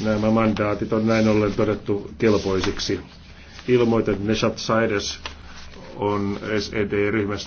Nämä mandaatit on näin ollen todettu kelpoisiksi. Ilmoitan, että Neshat saides on SED-ryhmästä